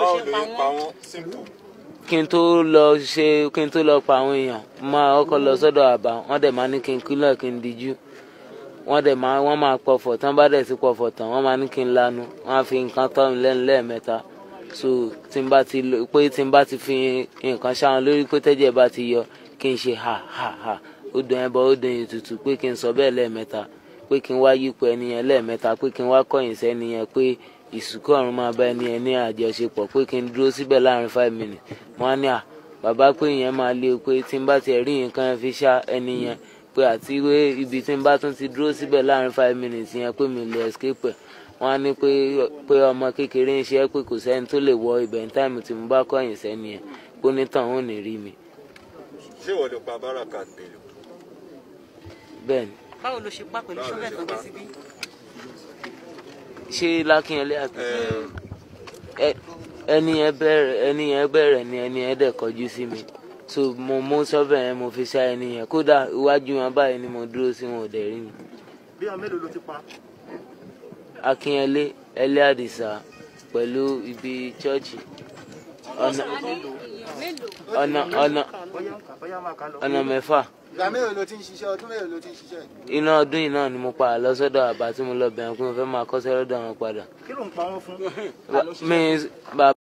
báwo ló yẹ pa wọ́n simple. kí n tó lọ ṣe kí n tó lọ pa àwọn èèyàn máa ọkọ lọ sọ́dọ̀ àbá wọ́n dẹ̀ máa ní kí n kílọ̀ kí n dijú wọ́n dẹ̀ máa wọ́n máa pọ̀fọ̀ tán bá dẹ̀ ti pọ̀fọ̀ tán wọ́n máa ní kí n lanu wọ́n á fi nǹkan tọ́ mi lẹ́nu lẹ́ẹ̀mẹ́ta so tí n bá ti pé tí n bá ti fi nǹkan ṣáwọn lórí pé tẹ́jẹ̀ bá ti yọ kí n ṣe ha ha ha ó dùn ẹbọ ó dùn ètùtù pé kí n sọ bẹ́ẹ̀ lẹ́ẹ̀mẹ́ta pé kí n wá yípo ẹni yẹn lẹ́ẹ̀mẹ́ta pé kí n wá kọ̀yìn sẹ́ni yẹn pé ìsìnkú ọ̀run máa bá ẹni ẹni àjọṣepọ̀ pé kí n dúró síbẹ̀ láàrin five minutes wọ́n á ní à bàbá pé ìyẹn máa lé o pé tí n bá ti rí nǹkan fi ṣá ẹni yẹn pé àti pé ibi tí n bá tún ti dúró síbẹ̀ láàrin five minutes yẹn pé mi lè escape ẹ̀ wọ́n á ní pé pé ọmọ kékeré ń ṣe é pé kò sẹ́ni tó lè wọ ibẹ̀ ní táìmù tí mo bá kọ̀yìn sẹ́ni yẹn pé onítàn ò ní rí mi. ṣé ìwọ ló pa báràkà bèlò. bẹ́ẹ̀ni. báwo ló ṣe pa pẹ̀lú ṣọ́bẹ̀ tó gbé síbí ṣé lákìnyẹlé àti ẹni yẹn bẹ̀rẹ̀ ẹni yẹn bẹ̀rẹ̀ ni ẹni yẹn dẹ̀ kọjú sí mi so mo mú sọ́bẹ̀ yẹn mo fi ṣá ẹni yẹn kódà iwájú wọn báyìí ni mo dúró sí wọn ò dẹ̀ rí mi. bí ọmọ mélòó ló ti pa. Akínyẹlé ẹlẹ́ àdìsá pẹ̀lú ibi chọ́ọ̀chì ọ̀nà ọ̀nà ọ̀nà ọ̀nà mẹ́fà. ìgbà mélòó ló ti ń ṣiṣẹ́ ọdún mélòó ló ti ń ṣiṣẹ́. iná ọdún yìí náà ni mo padà lọ sọ́dọ̀ àbá tí mo lọ bẹ̀rẹ̀ pé mo fẹ́ máa kọ́ṣẹ́ lọ́dọ̀ àwọn padà. kí ló ń pa wọ́n fún.